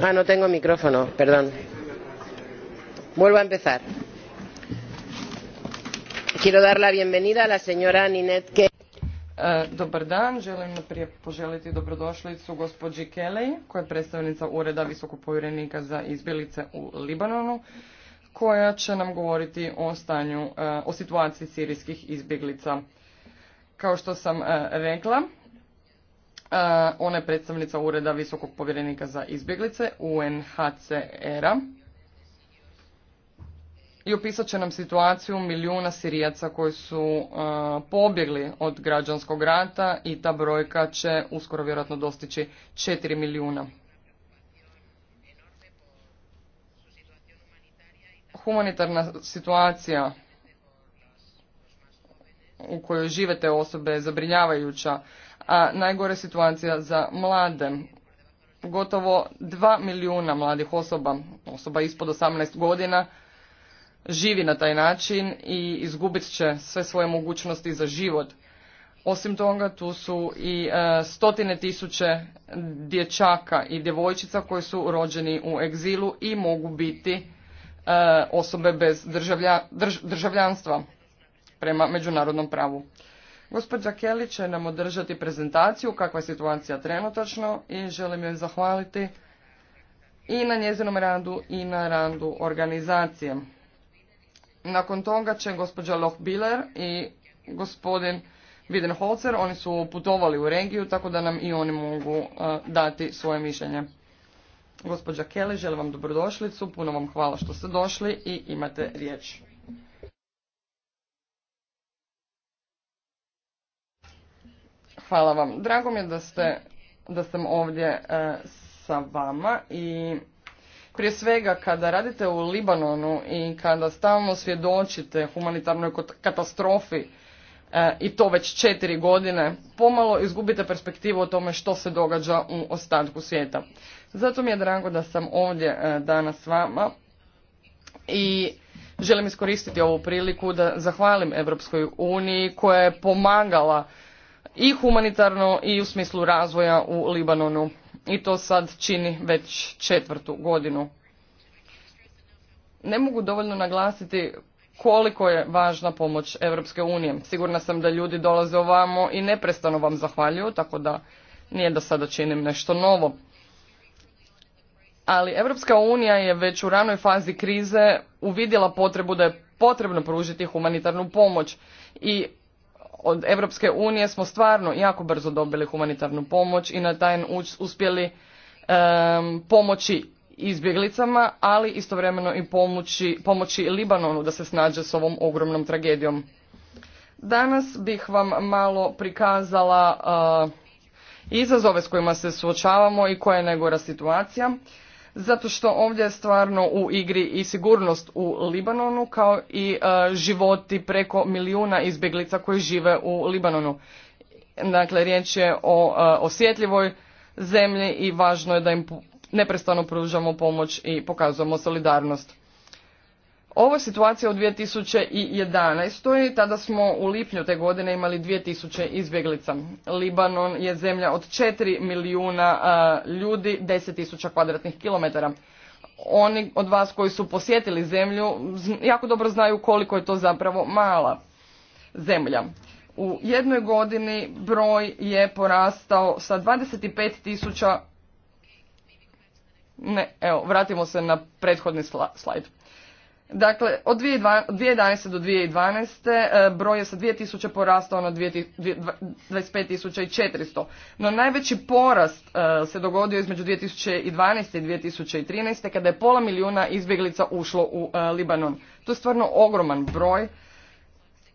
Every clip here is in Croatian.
Ah, no tengo micrófono, perdón. Vuelvo a empezar. Quiero dar la bienvenida a la señora Ninette Kelly. E, dobar dan, želim prije poželiti dobrodošlicu gospođi Kelly, koja je predstavnica Ureda visokog za izbjelice u Libanonu, koja će nam govoriti o stanju, e, o situaciji sirijskih izbjeglica. Kao što sam e, rekla, Uh, ona je predstavnica Ureda visokog povjerenika za izbjeglice UNHCR-a i opisat će nam situaciju milijuna Sirijaca koji su uh, pobjegli od građanskog rata i ta brojka će uskoro vjerojatno dostići 4 milijuna. Humanitarna situacija u kojoj žive te osobe je zabrinjavajuća a najgore situacija za mlade. Gotovo dva milijuna mladih osoba, osoba ispod 18 godina, živi na taj način i izgubit će sve svoje mogućnosti za život. Osim toga, tu su i e, stotine tisuće dječaka i djevojčica koji su rođeni u egzilu i mogu biti e, osobe bez državljanstva prema međunarodnom pravu. Gospođa Kelly će nam održati prezentaciju kakva je situacija trenutačno i želim joj zahvaliti i na njezinom radu i na radu organizacije. Nakon toga će gospođa Biller i gospodin Widenholzer, oni su putovali u regiju, tako da nam i oni mogu e, dati svoje mišljenje. Gospođa Kelly, želim vam dobrodošlicu, puno vam hvala što ste došli i imate riječ. Hvala vam. Drago mi je da, ste, da sam ovdje e, sa vama i prije svega kada radite u Libanonu i kada stalno svjedočite humanitarnoj katastrofi e, i to već četiri godine, pomalo izgubite perspektivu o tome što se događa u ostatku svijeta. Zato mi je drago da sam ovdje e, danas s vama i želim iskoristiti ovu priliku da zahvalim Europskoj uniji koja je pomagala i humanitarno i u smislu razvoja u Libanonu. I to sad čini već četvrtu godinu. Ne mogu dovoljno naglasiti koliko je važna pomoć Europske unije. Sigurna sam da ljudi dolaze ovamo i neprestano vam zahvaljuju, tako da nije da sada činim nešto novo. Ali Europska unija je već u ranoj fazi krize uvidjela potrebu da je potrebno pružiti humanitarnu pomoć i od Europske unije smo stvarno jako brzo dobili humanitarnu pomoć i na taj uspjeli pomoći izbjeglicama, ali istovremeno i pomoći, Libanonu da se snađe s ovom ogromnom tragedijom. Danas bih vam malo prikazala e, izazove s kojima se suočavamo i koja je najgora situacija zato što ovdje je stvarno u igri i sigurnost u Libanonu kao i e, životi preko milijuna izbjeglica koji žive u Libanonu. Dakle, riječ je o e, osjetljivoj zemlji i važno je da im neprestano pružamo pomoć i pokazujemo solidarnost. Ovo je situacija u 2011. Tada smo u lipnju te godine imali 2000 izbjeglica. Libanon je zemlja od 4 milijuna ljudi, 10.000 kvadratnih kilometara. Oni od vas koji su posjetili zemlju jako dobro znaju koliko je to zapravo mala zemlja. U jednoj godini broj je porastao sa 25.000 ne, evo, vratimo se na prethodni slajd. Dakle, od 2011. do 2012. E, broj je sa 2000 porastao na 25400. No najveći porast e, se dogodio između 2012. i 2013. kada je pola milijuna izbjeglica ušlo u e, Libanon. To je stvarno ogroman broj.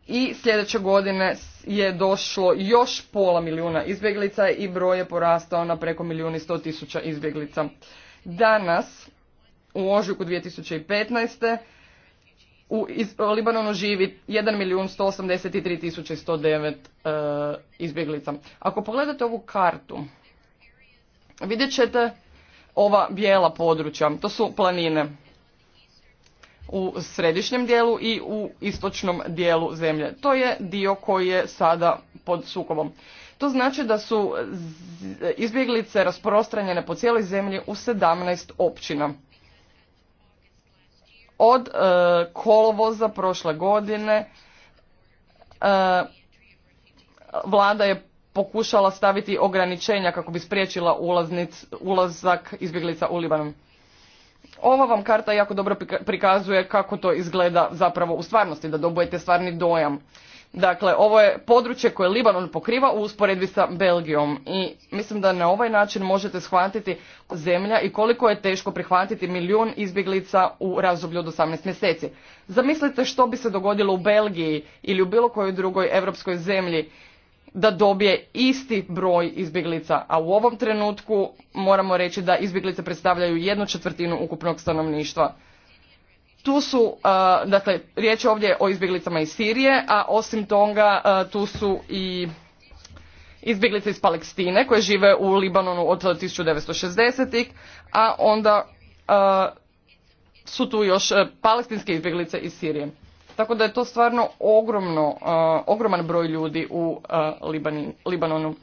I sljedeće godine je došlo još pola milijuna izbjeglica i broj je porastao na preko milijuni sto tisuća izbjeglica. Danas, u ožujku 2015 u Libanonu živi 1 milijun 183 tisuće 109 e, izbjeglica. Ako pogledate ovu kartu, vidjet ćete ova bijela područja. To su planine u središnjem dijelu i u istočnom dijelu zemlje. To je dio koji je sada pod sukobom. To znači da su izbjeglice rasprostranjene po cijeloj zemlji u 17 općina od e, kolovoza prošle godine e, vlada je pokušala staviti ograničenja kako bi spriječila ulaznic, ulazak izbjeglica u Libanon. Ova vam karta jako dobro prikazuje kako to izgleda zapravo u stvarnosti, da dobujete stvarni dojam. Dakle, ovo je područje koje Libanon pokriva u usporedbi sa Belgijom i mislim da na ovaj način možete shvatiti zemlja i koliko je teško prihvatiti milijun izbjeglica u razdoblju od 18 mjeseci. Zamislite što bi se dogodilo u Belgiji ili u bilo kojoj drugoj europskoj zemlji da dobije isti broj izbjeglica, a u ovom trenutku moramo reći da izbjeglice predstavljaju jednu četvrtinu ukupnog stanovništva tu su, uh, dakle, riječ je ovdje o izbjeglicama iz Sirije, a osim toga uh, tu su i izbjeglice iz Palestine koje žive u Libanonu od 1960-ih, a onda uh, su tu još palestinske izbjeglice iz Sirije. Tako da je to stvarno ogromno, ogroman broj ljudi u Libanonu.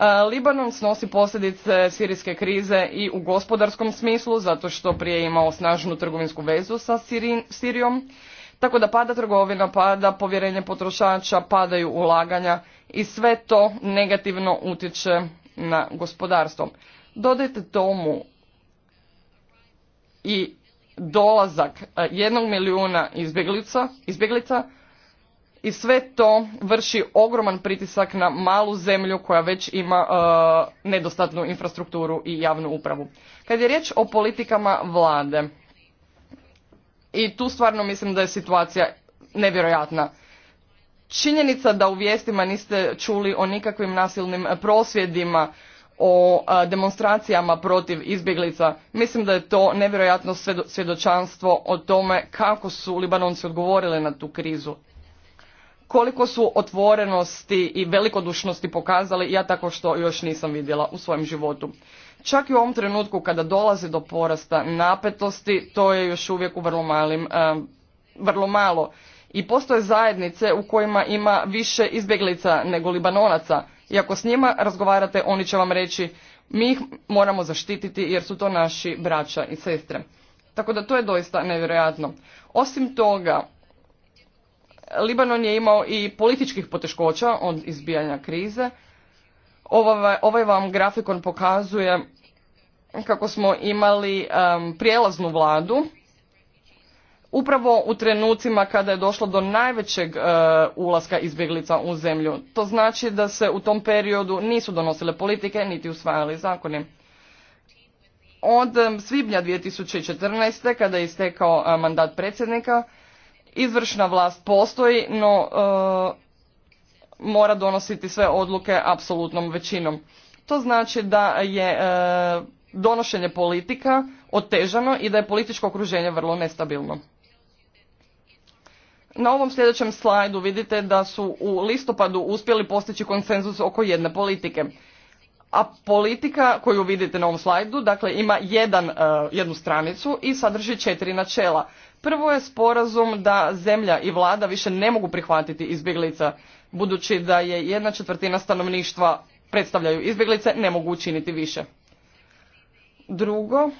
E, Libanon snosi posljedice sirijske krize i u gospodarskom smislu, zato što prije imao snažnu trgovinsku vezu sa Sirijom. Tako da pada trgovina, pada povjerenje potrošača, padaju ulaganja i sve to negativno utječe na gospodarstvo. Dodajte tomu i dolazak e, jednog milijuna izbjeglica, izbjeglica i sve to vrši ogroman pritisak na malu zemlju koja već ima e, nedostatnu infrastrukturu i javnu upravu. Kad je riječ o politikama vlade, i tu stvarno mislim da je situacija nevjerojatna. Činjenica da u vijestima niste čuli o nikakvim nasilnim prosvjedima, o e, demonstracijama protiv izbjeglica. Mislim da je to nevjerojatno svjedočanstvo o tome kako su Libanonci odgovorili na tu krizu koliko su otvorenosti i velikodušnosti pokazali, ja tako što još nisam vidjela u svojem životu. Čak i u ovom trenutku kada dolazi do porasta napetosti, to je još uvijek u vrlo, malim, e, vrlo malo. I postoje zajednice u kojima ima više izbjeglica nego libanonaca. I ako s njima razgovarate, oni će vam reći mi ih moramo zaštititi jer su to naši braća i sestre. Tako da to je doista nevjerojatno. Osim toga, Libanon je imao i političkih poteškoća od izbijanja krize. Ovaj, ovaj vam grafikon pokazuje kako smo imali prijelaznu vladu upravo u trenucima kada je došlo do najvećeg e, ulaska izbjeglica u zemlju to znači da se u tom periodu nisu donosile politike niti usvajali zakoni od svibnja 2014. kada je istekao e, mandat predsjednika Izvršna vlast postoji, no e, mora donositi sve odluke apsolutnom većinom. To znači da je e, donošenje politika otežano i da je političko okruženje vrlo nestabilno. Na ovom sljedećem slajdu vidite da su u listopadu uspjeli postići konsenzus oko jedne politike – a politika koju vidite na ovom slajdu dakle ima jedan, e, jednu stranicu i sadrži četiri načela. Prvo je sporazum da zemlja i vlada više ne mogu prihvatiti izbjeglica, budući da je jedna četvrtina stanovništva predstavljaju izbjeglice, ne mogu učiniti više. Drugo,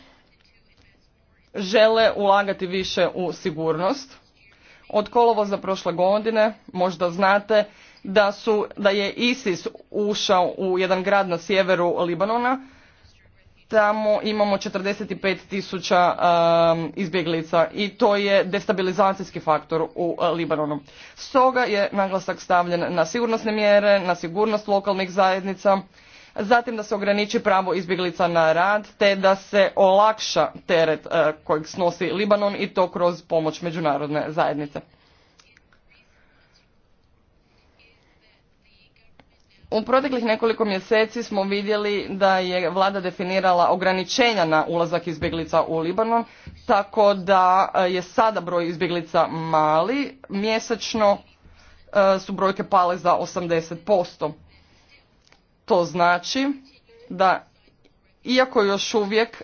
žele ulagati više u sigurnost od kolovoza prošle godine možda znate da, su, da je ISIS ušao u jedan grad na sjeveru Libanona. Tamo imamo 45 tisuća izbjeglica i to je destabilizacijski faktor u e, Libanonu. Stoga je naglasak stavljen na sigurnosne mjere, na sigurnost lokalnih zajednica, zatim da se ograniči pravo izbjeglica na rad te da se olakša teret e, kojeg snosi Libanon i to kroz pomoć međunarodne zajednice. U proteklih nekoliko mjeseci smo vidjeli da je vlada definirala ograničenja na ulazak izbjeglica u Libanon, tako da e, je sada broj izbjeglica mali, mjesečno e, su brojke pale za 80%. To znači da iako još uvijek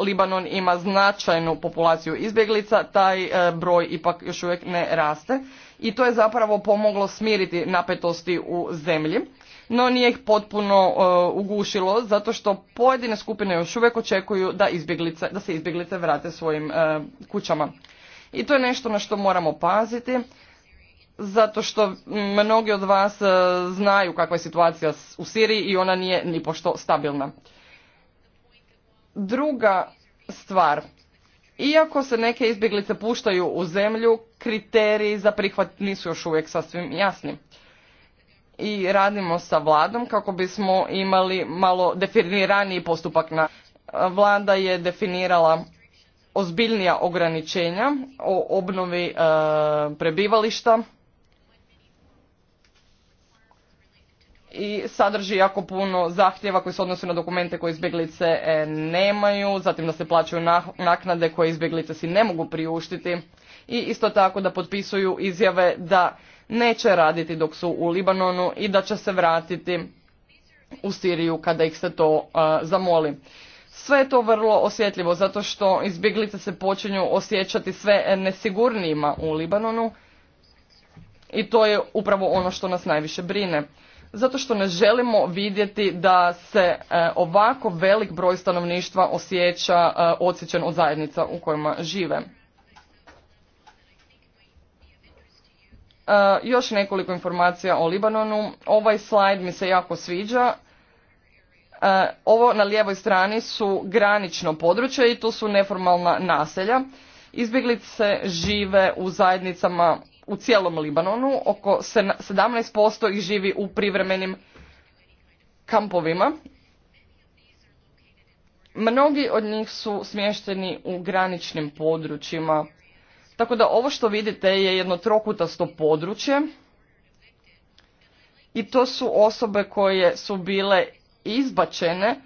Libanon ima značajnu populaciju izbjeglica, taj e, broj ipak još uvijek ne raste i to je zapravo pomoglo smiriti napetosti u zemlji, no nije ih potpuno e, ugušilo zato što pojedine skupine još uvijek očekuju da, izbjeglice, da se izbjeglice vrate svojim e, kućama. I to je nešto na što moramo paziti zato što mnogi od vas e, znaju kakva je situacija u Siriji i ona nije ni pošto stabilna. Druga stvar, iako se neke izbjeglice puštaju u zemlju, kriteriji za prihvat nisu još uvijek sasvim jasni. I radimo sa vladom kako bismo imali malo definiraniji postupak na vlada je definirala ozbiljnija ograničenja o obnovi e, prebivališta i sadrži jako puno zahtjeva koji se odnose na dokumente koje izbjeglice e, nemaju, zatim da se plaćaju naknade koje izbjeglice si ne mogu priuštiti i isto tako da potpisuju izjave da neće raditi dok su u Libanonu i da će se vratiti u Siriju kada ih se to e, zamoli. Sve je to vrlo osjetljivo zato što izbjeglice se počinju osjećati sve nesigurnijima u Libanonu i to je upravo ono što nas najviše brine zato što ne želimo vidjeti da se e, ovako velik broj stanovništva osjeća e, odsjećen od zajednica u kojima žive. E, još nekoliko informacija o Libanonu. Ovaj slajd mi se jako sviđa. Ovo na lijevoj strani su granično područje i tu su neformalna naselja. Izbjeglice žive u zajednicama u cijelom Libanonu, oko 17% ih živi u privremenim kampovima. Mnogi od njih su smješteni u graničnim područjima. Tako da ovo što vidite je jedno trokutasto područje i to su osobe koje su bile izbačene,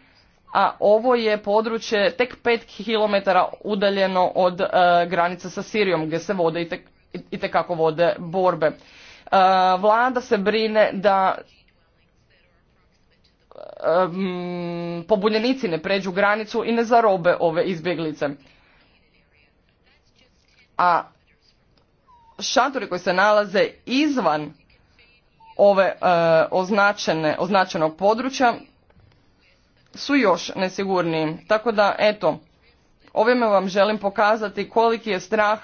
a ovo je područje tek 5 km udaljeno od e, granice sa Sirijom gdje se vode i tek itekako vode borbe. E, Vlada se brine da e, pobunjenici ne pređu granicu i ne zarobe ove izbjeglice. A šatori koji se nalaze izvan ove e, označene, označenog područja su još nesigurniji. Tako da, eto, ovime vam želim pokazati koliki je strah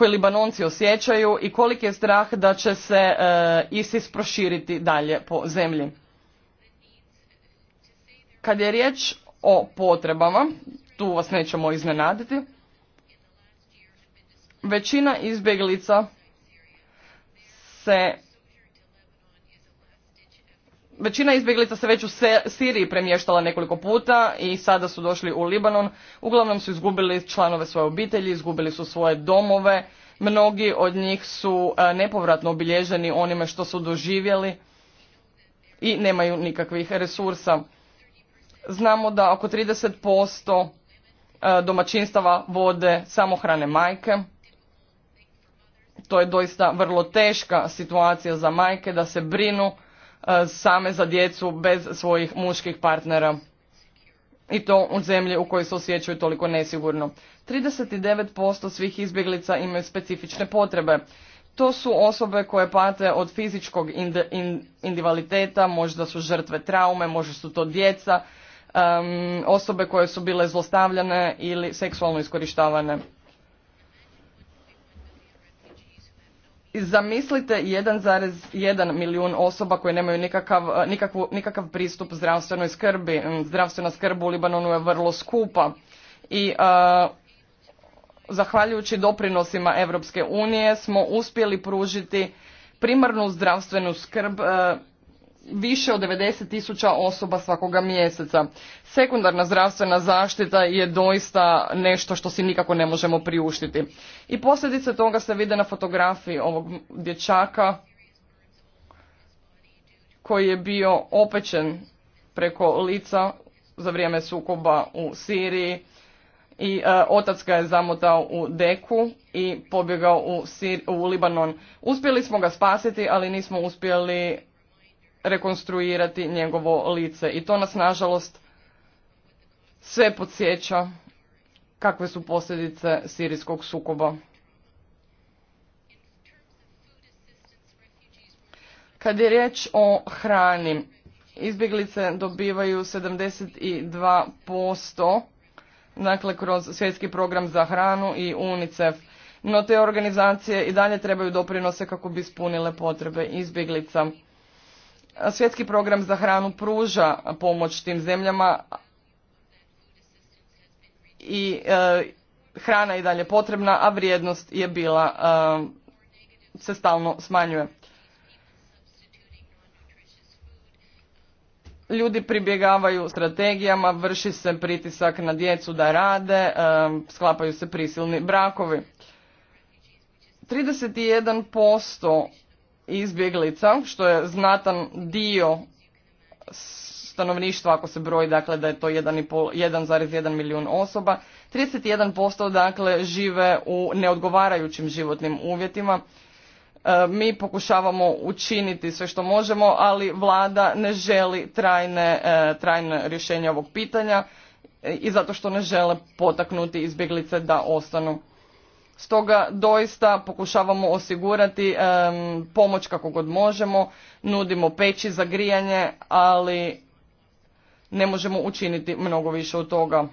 koje Libanonci osjećaju i koliki je strah da će se e, ISIS proširiti dalje po zemlji. Kad je riječ o potrebama, tu vas nećemo iznenaditi, većina izbjeglica se Većina izbjeglica se već u Siriji premještala nekoliko puta i sada su došli u Libanon. Uglavnom su izgubili članove svoje obitelji, izgubili su svoje domove. Mnogi od njih su e, nepovratno obilježeni onime što su doživjeli i nemaju nikakvih resursa. Znamo da oko 30% e, domaćinstava vode samohrane majke. To je doista vrlo teška situacija za majke da se brinu E, same za djecu bez svojih muških partnera. I to u zemlji u kojoj se osjećaju toliko nesigurno. 39% svih izbjeglica imaju specifične potrebe. To su osobe koje pate od fizičkog individualiteta, možda su žrtve traume, možda su to djeca, osobe koje su bile zlostavljane ili seksualno iskorištavane. Zamislite 1,1 milijun osoba koje nemaju nikakav, eh, nikakav pristup zdravstvenoj skrbi. Mm, zdravstvena skrb u Libanonu je vrlo skupa i eh, zahvaljujući doprinosima Europske unije smo uspjeli pružiti primarnu zdravstvenu skrb eh, više od 90 tisuća osoba svakoga mjeseca. Sekundarna zdravstvena zaštita je doista nešto što si nikako ne možemo priuštiti. I posljedice toga se vide na fotografiji ovog dječaka koji je bio opečen preko lica za vrijeme sukoba u Siriji i e, otac ga je zamotao u deku i pobjegao u, u Libanon. Uspjeli smo ga spasiti, ali nismo uspjeli rekonstruirati njegovo lice i to nas nažalost sve podsjeća kakve su posljedice sirijskog sukoba. Kad je riječ o hrani, izbjeglice dobivaju 72%, dakle kroz svjetski program za hranu i UNICEF. No te organizacije i dalje trebaju doprinose kako bi ispunile potrebe izbjeglica. Svjetski program za hranu pruža pomoć tim zemljama i e, hrana je i dalje potrebna, a vrijednost je bila, e, se stalno smanjuje. Ljudi pribjegavaju strategijama, vrši se pritisak na djecu da rade, e, sklapaju se prisilni brakovi. 31% izbjeglica, što je znatan dio stanovništva, ako se broji dakle, da je to 1,1 milijun osoba, 31% dakle, žive u neodgovarajućim životnim uvjetima. E, mi pokušavamo učiniti sve što možemo, ali vlada ne želi trajne, e, trajne rješenje ovog pitanja e, i zato što ne žele potaknuti izbjeglice da ostanu Stoga doista pokušavamo osigurati pomoć kako god možemo, nudimo peći za grijanje, ali ne možemo učiniti mnogo više od toga.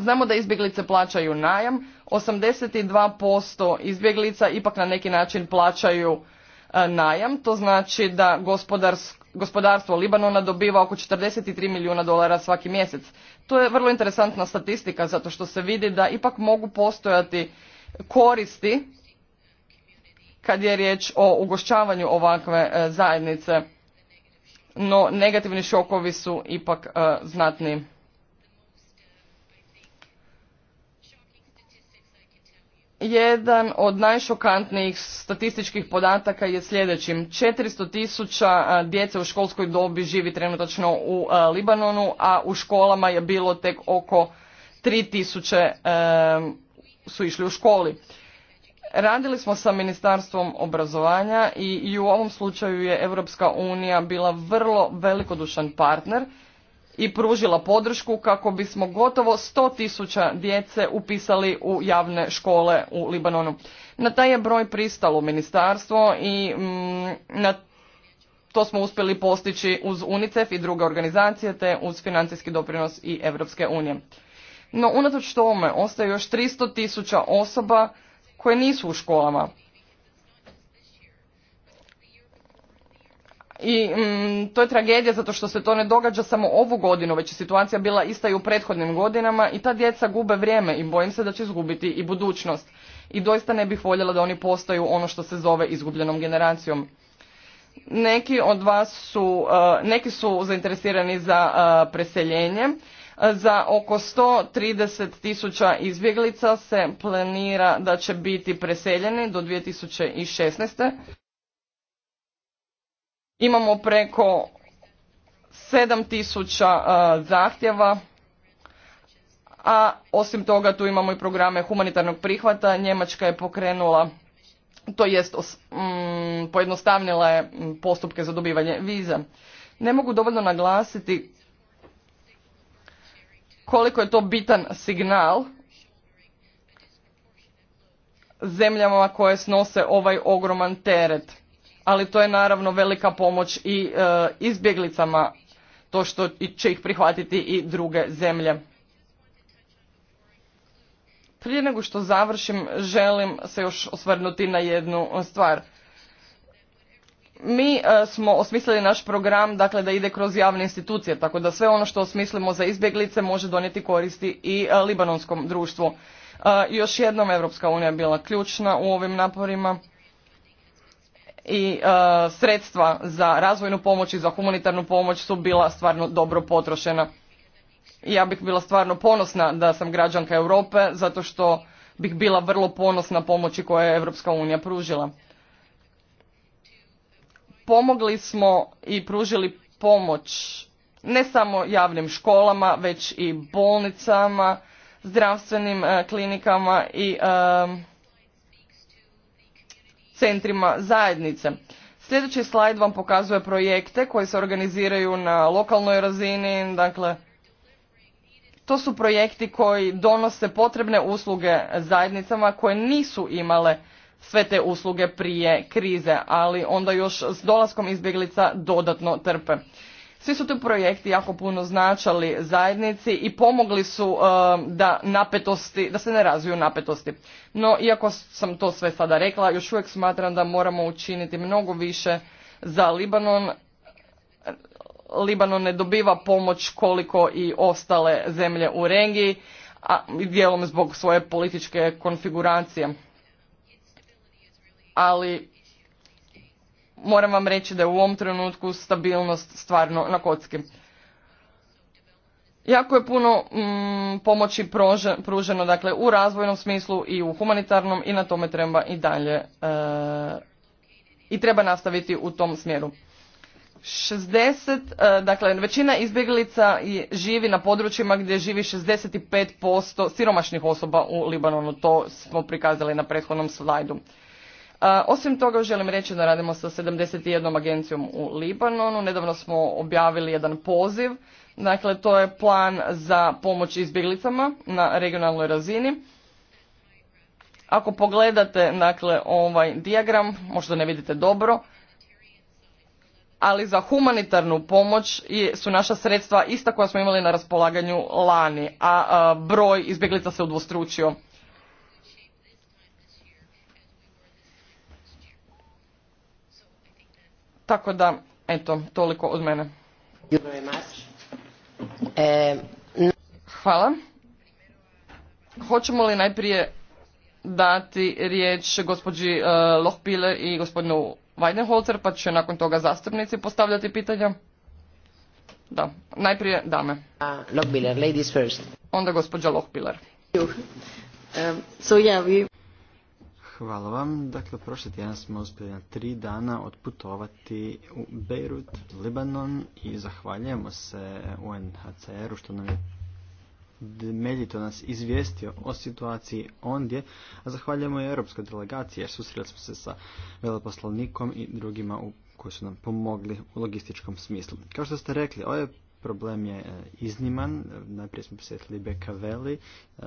Znamo da izbjeglice plaćaju najam, 82% izbjeglica ipak na neki način plaćaju e, najam, to znači da gospodarstvo Libanona dobiva oko 43 milijuna dolara svaki mjesec. To je vrlo interesantna statistika zato što se vidi da ipak mogu postojati koristi kad je riječ o ugošćavanju ovakve e, zajednice, no negativni šokovi su ipak e, znatni. Jedan od najšokantnijih statističkih podataka je sljedećim. 400 tisuća e, djece u školskoj dobi živi trenutačno u Libanonu, a u školama je bilo tek oko 3000 tisuće su išli u školi. Radili smo sa Ministarstvom obrazovanja i, i u ovom slučaju je Europska unija bila vrlo velikodušan partner i pružila podršku kako bismo gotovo 100.000 tisuća djece upisali u javne škole u Libanonu. Na taj je broj pristalo ministarstvo i mm, na to smo uspjeli postići uz UNICEF i druge organizacije te uz financijski doprinos i Europske unije. No, unatoč tome, ostaje još 300 tisuća osoba koje nisu u školama. I mm, to je tragedija zato što se to ne događa samo ovu godinu, već je situacija bila ista i u prethodnim godinama i ta djeca gube vrijeme i bojim se da će izgubiti i budućnost. I doista ne bih voljela da oni postaju ono što se zove izgubljenom generacijom. Neki od vas su, eh, neki su zainteresirani za uh, preseljenje za oko 130 tisuća izbjeglica se planira da će biti preseljeni do 2016. Imamo preko 7 tisuća e, zahtjeva, a osim toga tu imamo i programe humanitarnog prihvata. Njemačka je pokrenula to jest mm, pojednostavnila je mm, postupke za dobivanje viza. Ne mogu dovoljno naglasiti koliko je to bitan signal zemljama koje snose ovaj ogroman teret. Ali to je naravno velika pomoć i e, izbjeglicama, to što će ih prihvatiti i druge zemlje. Prije nego što završim, želim se još osvrnuti na jednu stvar mi e, smo osmislili naš program dakle da ide kroz javne institucije tako da sve ono što osmislimo za izbjeglice može donijeti koristi i e, libanonskom društvu. E, još jednom Europska unija je bila ključna u ovim naporima i sredstva za razvojnu pomoć i za humanitarnu pomoć su bila stvarno dobro potrošena. Ja bih bila stvarno ponosna da sam građanka Europe zato što bih bila vrlo ponosna pomoći koje je Europska unija pružila pomogli smo i pružili pomoć ne samo javnim školama, već i bolnicama, zdravstvenim e, klinikama i e, centrima zajednice. Sljedeći slajd vam pokazuje projekte koji se organiziraju na lokalnoj razini, dakle to su projekti koji donose potrebne usluge zajednicama koje nisu imale sve te usluge prije krize, ali onda još s dolaskom izbjeglica dodatno trpe. Svi su ti projekti jako puno značali zajednici i pomogli su e, da napetosti, da se ne razviju napetosti. No, iako sam to sve sada rekla, još uvijek smatram da moramo učiniti mnogo više za Libanon. Libanon ne dobiva pomoć koliko i ostale zemlje u regiji, a dijelom zbog svoje političke konfiguracije ali moram vam reći da je u ovom trenutku stabilnost stvarno na kocki. Jako je puno mm, pomoći pruženo dakle, u razvojnom smislu i u humanitarnom i na tome treba i dalje e, i treba nastaviti u tom smjeru. 60, e, dakle većina izbjeglica živi na područjima gdje živi 65% siromašnih osoba u Libanonu, to smo prikazali na prethodnom slajdu. Osim toga želim reći da radimo sa 71 agencijom u Libanonu. Nedavno smo objavili jedan poziv. Dakle, to je plan za pomoć izbjeglicama na regionalnoj razini. Ako pogledate dakle, ovaj dijagram, možda ne vidite dobro, ali za humanitarnu pomoć su naša sredstva ista koja smo imali na raspolaganju lani, a broj izbjeglica se udvostručio. Tako da, eto, toliko od mene. Hvala. Hoćemo li najprije dati riječ gospođi e, lohpile i gospodinu Weidenholzer, pa će nakon toga zastupnici postavljati pitanja? Da, najprije dame. Lohpiler, ladies first. Onda gospođa Lohpiler. Um, so, Hvala vam. Dakle, prošli tjedan smo uspjeli na tri dana otputovati u Beirut, Libanon i zahvaljujemo se UNHCR-u što nam je temeljito nas izvijestio o situaciji ondje, a zahvaljujemo i europskoj delegaciji jer susreli smo se sa veleposlanikom i drugima koji su nam pomogli u logističkom smislu. Kao što ste rekli, ovaj problem je e, izniman. Najprije smo posjetili Bekaveli, e,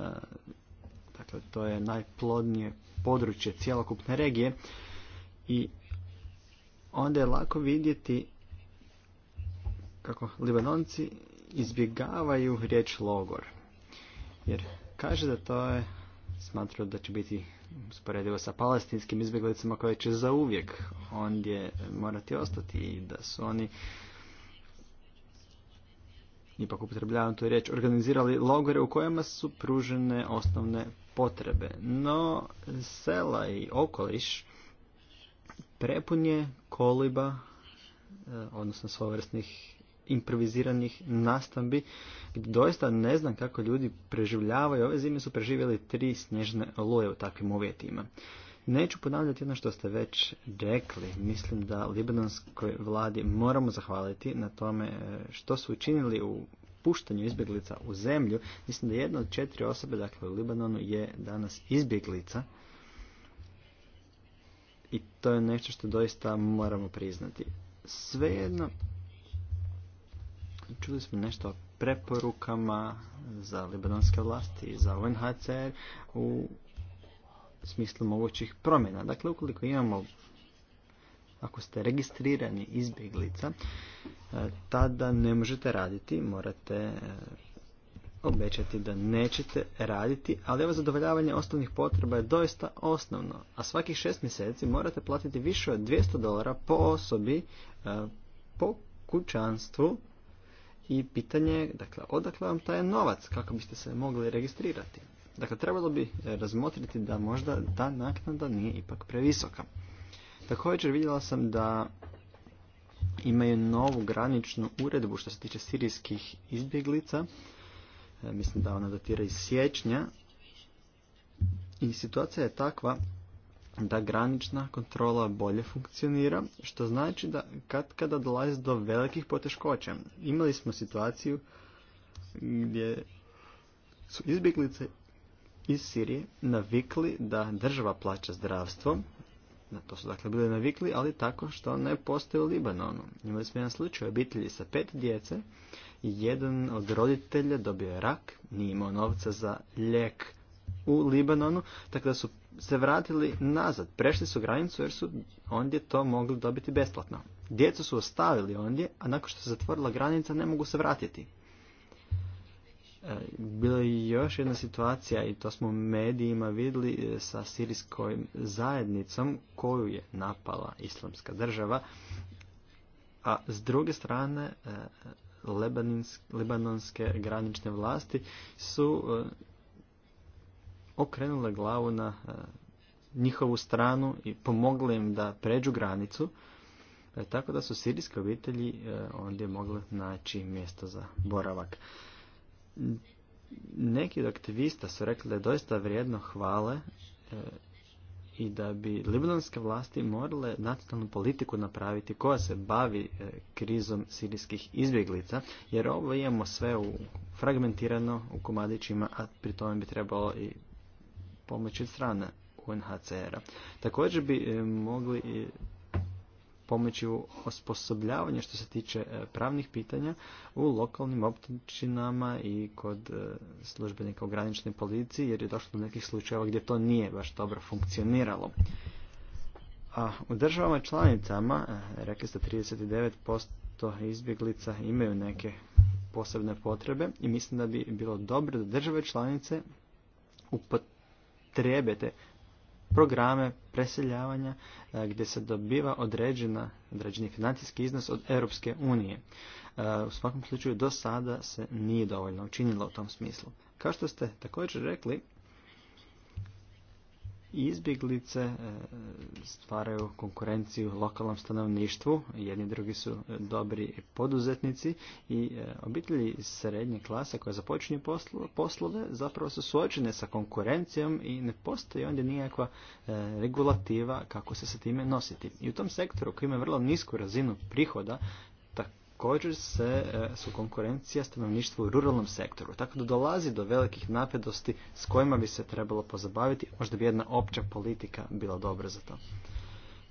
Dakle, to je najplodnije područje cjelokupne regije i onda je lako vidjeti kako Libanonci izbjegavaju riječ logor. Jer kaže da to je smatrao da će biti usporedivo sa palestinskim izbjeglicama koje će zauvijek ondje morati ostati i da su oni ipak upotrebljavam tu riječ, organizirali logore u kojima su pružene osnovne potrebe, no sela i okoliš prepunje koliba, e, odnosno svovrsnih improviziranih nastambi, gdje doista ne znam kako ljudi preživljavaju. Ove zime su preživjeli tri snježne oluje u takvim uvjetima. Neću ponavljati ono što ste već rekli. Mislim da libanonskoj vladi moramo zahvaliti na tome e, što su učinili u puštanju izbjeglica u zemlju. Mislim da jedna od četiri osobe, dakle u Libanonu, je danas izbjeglica. I to je nešto što doista moramo priznati. Svejedno, čuli smo nešto o preporukama za libanonske vlasti i za UNHCR u smislu mogućih promjena. Dakle, ukoliko imamo, ako ste registrirani izbjeglica, E, tada ne možete raditi, morate e, obećati da nećete raditi, ali ovo zadovoljavanje osnovnih potreba je doista osnovno, a svakih šest mjeseci morate platiti više od 200 dolara po osobi, e, po kućanstvu i pitanje je, dakle, odakle vam taj novac, kako biste se mogli registrirati. Dakle, trebalo bi razmotriti da možda ta naknada nije ipak previsoka. Također vidjela sam da imaju novu graničnu uredbu što se tiče sirijskih izbjeglica. E, mislim da ona datira iz siječnja. I situacija je takva da granična kontrola bolje funkcionira, što znači da kad kada dolazi do velikih poteškoća. Imali smo situaciju gdje su izbjeglice iz Sirije navikli da država plaća zdravstvo, na to su dakle bili navikli, ali tako što ne postoji u Libanonu. Imali smo jedan slučaj obitelji sa pet djece i jedan od roditelja dobio je rak, nije imao novca za lijek u Libanonu, tako da su se vratili nazad, prešli su granicu jer su ondje to mogli dobiti besplatno. Djecu su ostavili ondje, a nakon što se zatvorila granica ne mogu se vratiti. Bila je još jedna situacija i to smo medijima vidjeli e, sa sirijskom zajednicom koju je napala islamska država, a s druge strane e, libanonske granične vlasti su e, okrenule glavu na njihovu stranu i pomogle im da pređu granicu, tako da su sirijske obitelji ondje mogle naći mjesto za boravak. Neki od aktivista su rekli da je doista vrijedno hvale e, i da bi libanonske vlasti morale nacionalnu politiku napraviti koja se bavi e, krizom sirijskih izbjeglica, jer ovo imamo sve u, fragmentirano u komadićima, a pri tome bi trebalo i pomoći strane UNHCR-a. Također bi e, mogli pomoći u osposobljavanju što se tiče e, pravnih pitanja u lokalnim općinama i kod e, službenika u graničnoj policiji jer je došlo do nekih slučajeva gdje to nije baš dobro funkcioniralo. A u državama članicama, e, rekli ste 39% izbjeglica imaju neke posebne potrebe i mislim da bi bilo dobro da države članice upotrebe te programe preseljavanja e, gdje se dobiva određena, određeni financijski iznos od Europske unije. E, u svakom slučaju do sada se nije dovoljno učinilo u tom smislu. Kao što ste također rekli, izbjeglice e, stvaraju konkurenciju lokalnom stanovništvu, jedni drugi su e, dobri poduzetnici i e, obitelji srednje klase koje započinju poslove zapravo su suočene sa konkurencijom i ne postoji ondje nijakva regulativa kako se sa time nositi. I u tom sektoru koji ima vrlo nisku razinu prihoda također se, e, su konkurencija stanovništva u ruralnom sektoru. Tako da dolazi do velikih napedosti s kojima bi se trebalo pozabaviti. Možda bi jedna opća politika bila dobra za to.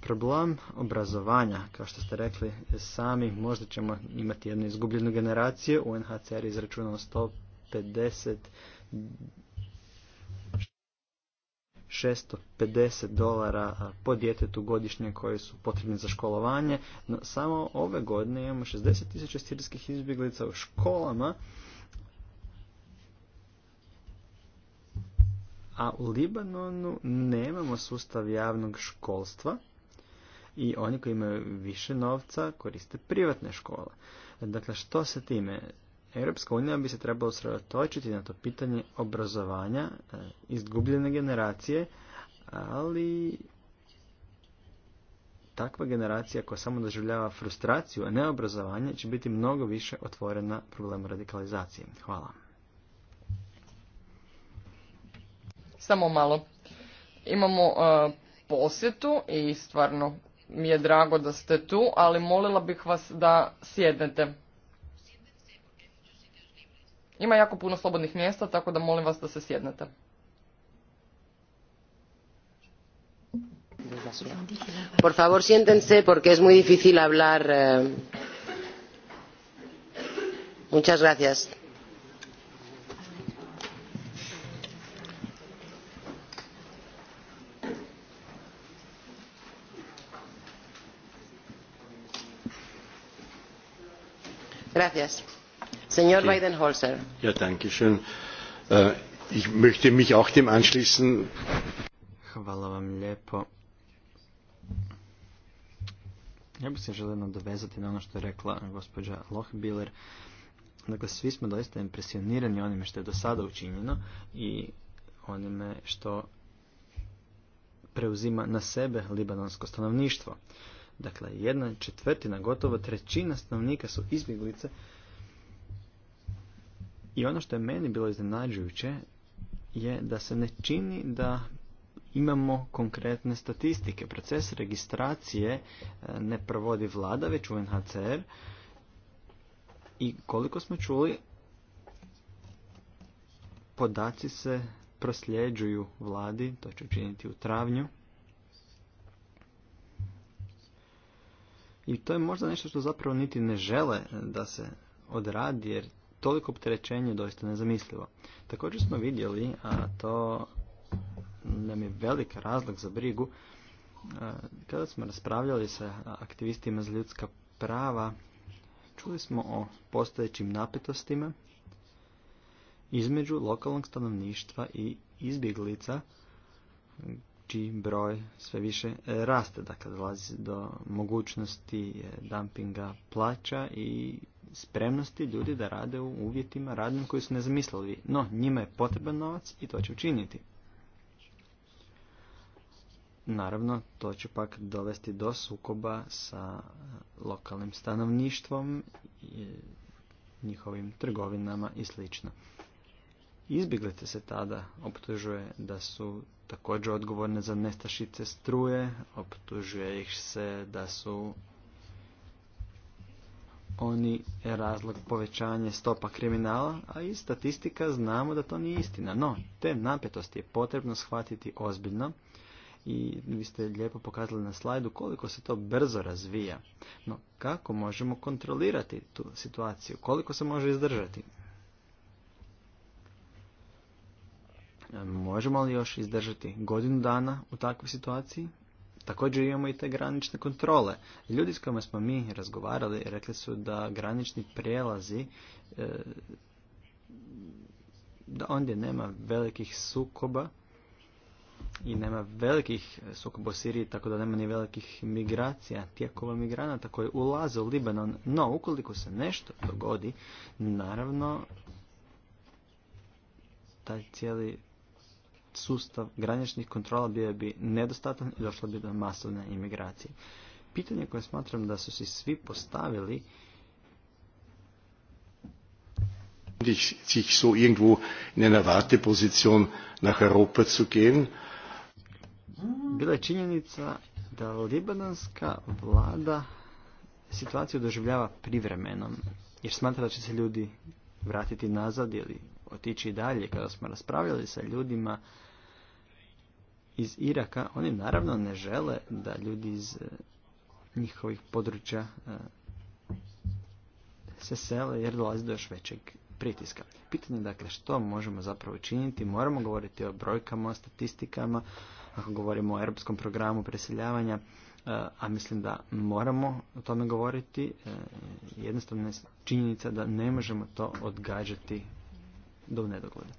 Problem obrazovanja, kao što ste rekli sami, možda ćemo imati jednu izgubljenu generaciju. UNHCR je izračunao 150 650 dolara po djetetu godišnje koje su potrebni za školovanje. No, samo ove godine imamo 60 tisuća sirijskih izbjeglica u školama, a u Libanonu nemamo sustav javnog školstva i oni koji imaju više novca koriste privatne škole. Dakle, što se time Europska unija bi se trebala sredotočiti na to pitanje obrazovanja e, izgubljene generacije, ali takva generacija koja samo doživljava frustraciju, a ne obrazovanje, će biti mnogo više otvorena problemu radikalizacije. Hvala. Samo malo. Imamo e, posjetu i stvarno mi je drago da ste tu, ali molila bih vas da sjednete. Ima jako puno slobodnih mjesta, tako da molim vas da se sjednete. Por favor, siéntense porque es muy difícil hablar. Eh. Muchas gracias. Gracias. Äh, ich möchte mich auch dem anschließen. Hvala vam lijepo. Ja bih se želio nadovezati na ono što je rekla gospođa Lohbiler. Dakle, svi smo doista impresionirani onime što je do sada učinjeno i onime što preuzima na sebe libanonsko stanovništvo. Dakle, jedna četvrtina, gotovo trećina stanovnika su izbjeglice i ono što je meni bilo iznenađujuće je da se ne čini da imamo konkretne statistike. Proces registracije e, ne provodi vlada, već UNHCR. I koliko smo čuli, podaci se prosljeđuju vladi, to će učiniti u travnju. I to je možda nešto što zapravo niti ne žele da se odradi, jer toliko opterećenje doista nezamislivo. Također smo vidjeli, a to nam je velik razlog za brigu, e, kada smo raspravljali sa aktivistima za ljudska prava, čuli smo o postojećim napetostima između lokalnog stanovništva i izbjeglica, čiji broj sve više raste. Dakle, dolazi do mogućnosti dumpinga plaća i spremnosti ljudi da rade u uvjetima radnim koji su nezamislili. No, njima je potreban novac i to će učiniti. Naravno, to će pak dovesti do sukoba sa eh, lokalnim stanovništvom, njihovim trgovinama i sl. Izbjeglice se tada optužuje da su također odgovorne za nestašice struje, optužuje ih se da su oni razlog povećanje stopa kriminala, a i statistika znamo da to nije istina. No, te napetosti je potrebno shvatiti ozbiljno i vi ste lijepo pokazali na slajdu koliko se to brzo razvija. No, kako možemo kontrolirati tu situaciju? Koliko se može izdržati? Možemo li još izdržati godinu dana u takvoj situaciji? Također imamo i te granične kontrole. Ljudi s kojima smo mi razgovarali rekli su da granični prijelazi e, da ondje nema velikih sukoba i nema velikih sukoba u Siriji, tako da nema ni velikih migracija, tijekova migranata koji ulaze u Libanon. No, ukoliko se nešto dogodi, naravno, taj cijeli sustav graničnih kontrola bio bi nedostatan i došlo bi do masovne imigracije. Pitanje koje smatram da su si svi postavili sich so irgendwo in einer Warteposition nach Europa Bila je činjenica da libanonska vlada situaciju doživljava privremenom, jer smatra da će se ljudi vratiti nazad ili otići dalje. Kada smo raspravljali sa ljudima iz Iraka, oni naravno ne žele da ljudi iz eh, njihovih područja eh, se sele jer dolazi do još većeg pritiska. Pitanje je dakle što možemo zapravo činiti, moramo govoriti o brojkama, o statistikama, ako govorimo o europskom programu preseljavanja, eh, a mislim da moramo o tome govoriti, Jednostavna je činjenica da ne možemo to odgađati do nedogleda.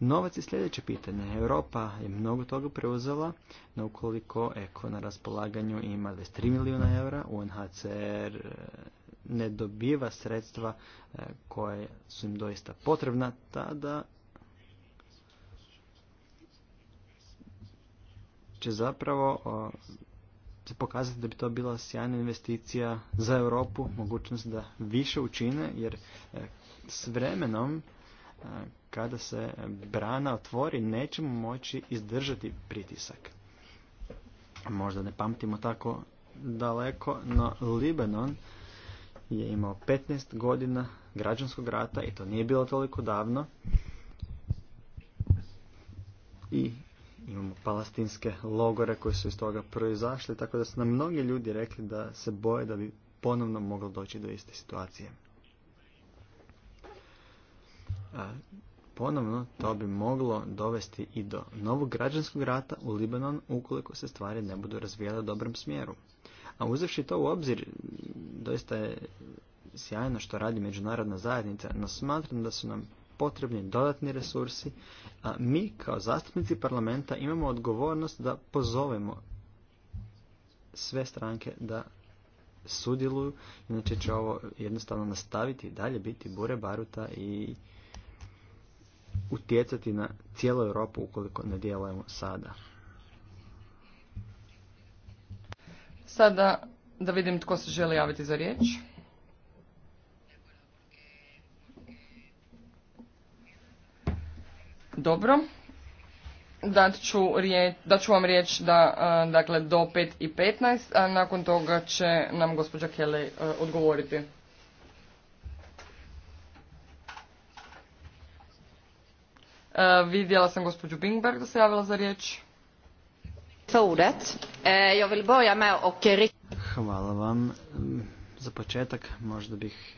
Novac je sljedeće pitanje. Europa je mnogo toga preuzela, no ukoliko Eko na raspolaganju ima 23 milijuna eura, UNHCR e, ne dobiva sredstva e, koje su im doista potrebna, tada će zapravo e, se pokazati da bi to bila sjajna investicija za Europu, mogućnost da više učine, jer s vremenom kada se brana otvori nećemo moći izdržati pritisak. Možda ne pamtimo tako daleko, no Libanon je imao 15 godina građanskog rata i to nije bilo toliko davno. I imamo palestinske logore koji su iz toga proizašli, tako da su nam mnogi ljudi rekli da se boje da bi ponovno moglo doći do iste situacije ponovno to bi moglo dovesti i do novog građanskog rata u Libanon ukoliko se stvari ne budu razvijale u dobrom smjeru. A uzevši to u obzir, doista je sjajno što radi međunarodna zajednica, no smatram da su nam potrebni dodatni resursi, a mi kao zastupnici parlamenta imamo odgovornost da pozovemo sve stranke da sudjeluju, inače će ovo jednostavno nastaviti i dalje biti bure baruta i utjecati na cijelu Europu ukoliko ne djelujemo sada. Sada da vidim tko se želi javiti za riječ. Dobro. Dat ću, riječ, ću vam riječ da, dakle, do 5 i 15, a nakon toga će nam gospođa Kelly odgovoriti. E, vidjela sam gospođu Bingberg da se javila za riječ. E, Hvala vam. Za početak možda bih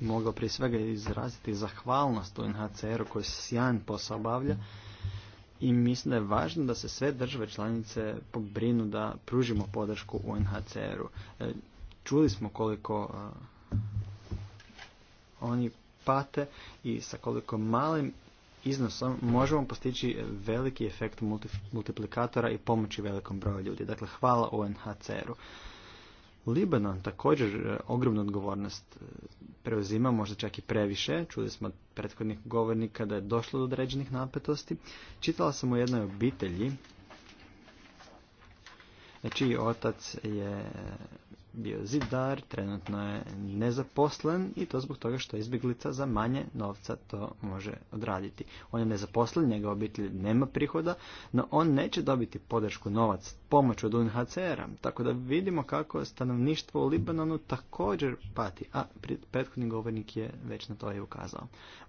mogao prije svega izraziti zahvalnost UNHCR-u koji sjajan posao obavlja i mislim da je važno da se sve države članice pobrinu da pružimo podršku UNHCR-u. E, čuli smo koliko oni pate i sa koliko malim iznosom možemo postići veliki efekt multiplikatora i pomoći velikom broju ljudi. Dakle, hvala UNHCR-u. Libanon također e, ogromnu odgovornost e, preuzima, možda čak i previše. Čuli smo od prethodnih govornika da je došlo do određenih napetosti. Čitala sam u jednoj obitelji e, čiji otac je bio zidar, trenutno je nezaposlen i to zbog toga što izbjeglica za manje novca to može odraditi. On je nezaposlen, njega obitelj nema prihoda, no on neće dobiti podršku novac, pomoć od UNHCR-a, tako da vidimo kako stanovništvo u Libanonu također pati, a prethodni govornik je već na to i ukazao.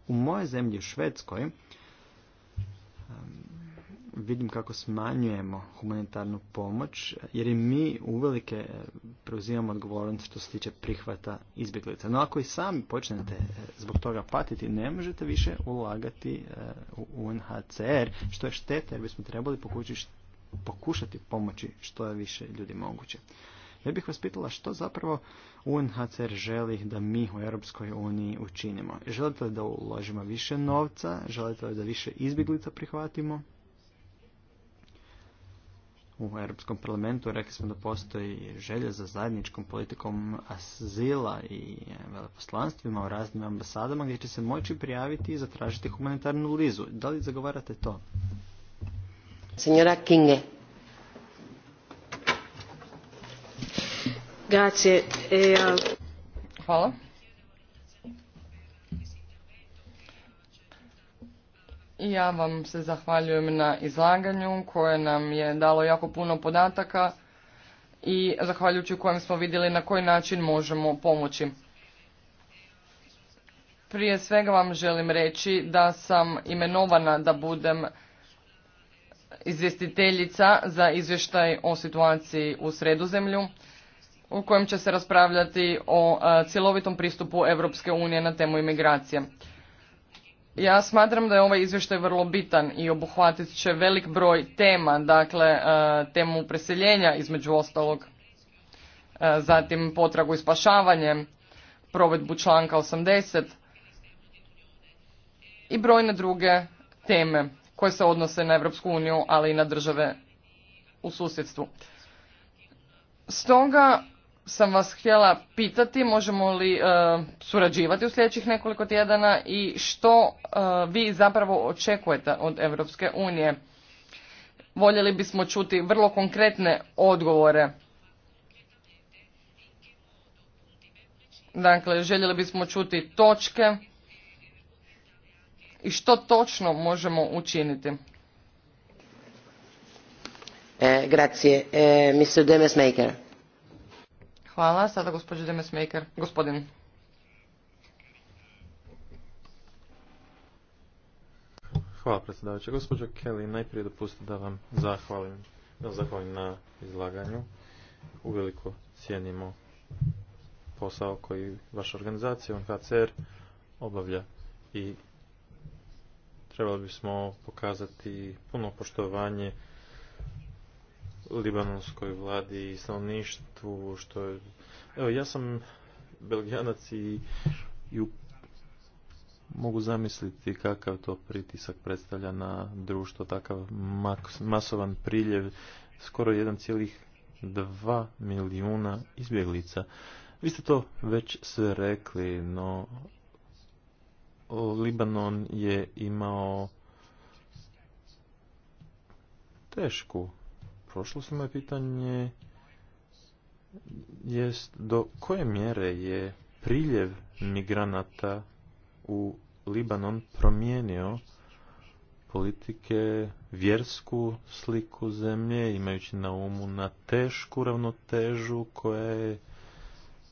U moje zemlji, u Švedskoj, vidim kako smanjujemo humanitarnu pomoć, jer i mi uvelike e, preuzimamo odgovornost što se tiče prihvata izbjeglica. No ako i sami počnete e, zbog toga patiti, ne možete više ulagati e, u UNHCR, što je šteta jer bismo trebali pokušati pomoći što je više ljudi moguće. Ja bih vas pitala što zapravo UNHCR želi da mi u Europskoj uniji učinimo. Želite li da uložimo više novca? Želite li da više izbjeglica prihvatimo? u Europskom parlamentu rekli smo da postoji želja za zajedničkom politikom azila i veleposlanstvima u raznim ambasadama gdje će se moći prijaviti i zatražiti humanitarnu lizu. Da li zagovarate to? Senjora Kinge. Grazie. E, Hvala. Ja vam se zahvaljujem na izlaganju koje nam je dalo jako puno podataka i zahvaljujući kojem smo vidjeli na koji način možemo pomoći. Prije svega vam želim reći da sam imenovana da budem izvjestiteljica za izvještaj o situaciji u sredozemlju u kojem će se raspravljati o e, cjelovitom pristupu Europske unije na temu imigracije. Ja smatram da je ovaj izvještaj vrlo bitan i obuhvatit će velik broj tema, dakle e, temu preseljenja između ostalog, e, zatim potragu i spašavanje, provedbu članka 80 i brojne druge teme koje se odnose na Europsku uniju, ali i na države u susjedstvu. Stoga sam vas htjela pitati možemo li e, surađivati u sljedećih nekoliko tjedana i što e, vi zapravo očekujete od Europske unije. Voljeli bismo čuti vrlo konkretne odgovore. Dakle, željeli bismo čuti točke i što točno možemo učiniti. E, grazie. Eh, Mr. Demesmaker. Hvala. Sada gospođo Demesmejker. Gospodin. Hvala predsjedavajuća. Gospođo Kelly, najprije dopustite da vam zahvalim, da zahvalim na izlaganju. Uveliko cijenimo posao koji vaša organizacija, UNHCR, obavlja i trebali bismo pokazati puno poštovanje libanonskoj vladi i stanovništvu, što je... Evo, ja sam belgijanac i, mogu zamisliti kakav to pritisak predstavlja na društvo, takav masovan priljev, skoro 1,2 milijuna izbjeglica. Vi ste to već sve rekli, no Libanon je imao tešku se moje pitanje jest do koje mjere je priljev migranata u Libanon promijenio politike, vjersku sliku zemlje, imajući na umu na tešku ravnotežu koja je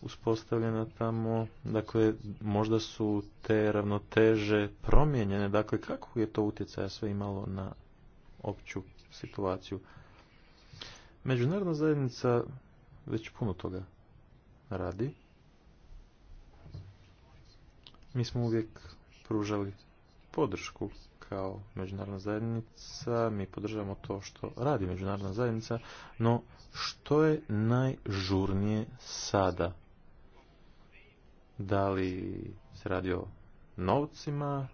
uspostavljena tamo. Dakle, možda su te ravnoteže promijenjene. Dakle, kako je to utjecaja sve imalo na opću situaciju? Međunarodna zajednica već puno toga radi. Mi smo uvijek pružali podršku kao međunarodna zajednica, mi podržavamo to što radi međunarodna zajednica, no što je najžurnije sada? Da li se radi o novcima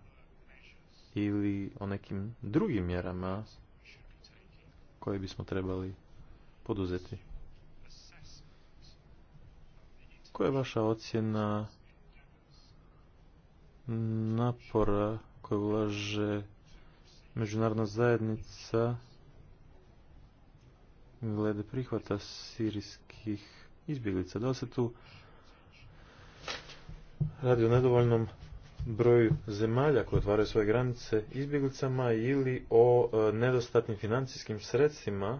ili o nekim drugim mjerama koje bismo trebali poduzeti? Koja je vaša ocjena napora koje ulaže međunarodna zajednica glede prihvata sirijskih izbjeglica? Da li se tu radi o nedovoljnom broju zemalja koje otvaraju svoje granice izbjeglicama ili o e, nedostatnim financijskim sredstvima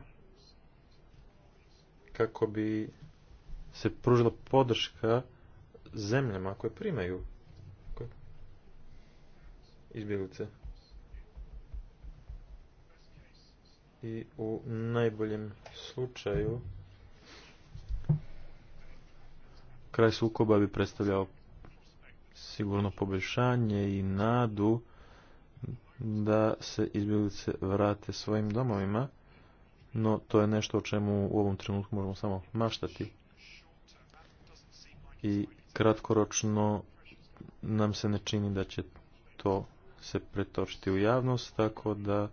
kako bi se pružila podrška zemljama koje primaju izbjeglice. I u najboljem slučaju kraj sukoba bi predstavljao sigurno poboljšanje i nadu da se izbjeglice vrate svojim domovima no to je nešto o čemu u ovom trenutku možemo samo maštati. I kratkoročno nam se ne čini da će to se pretočiti u javnost, tako da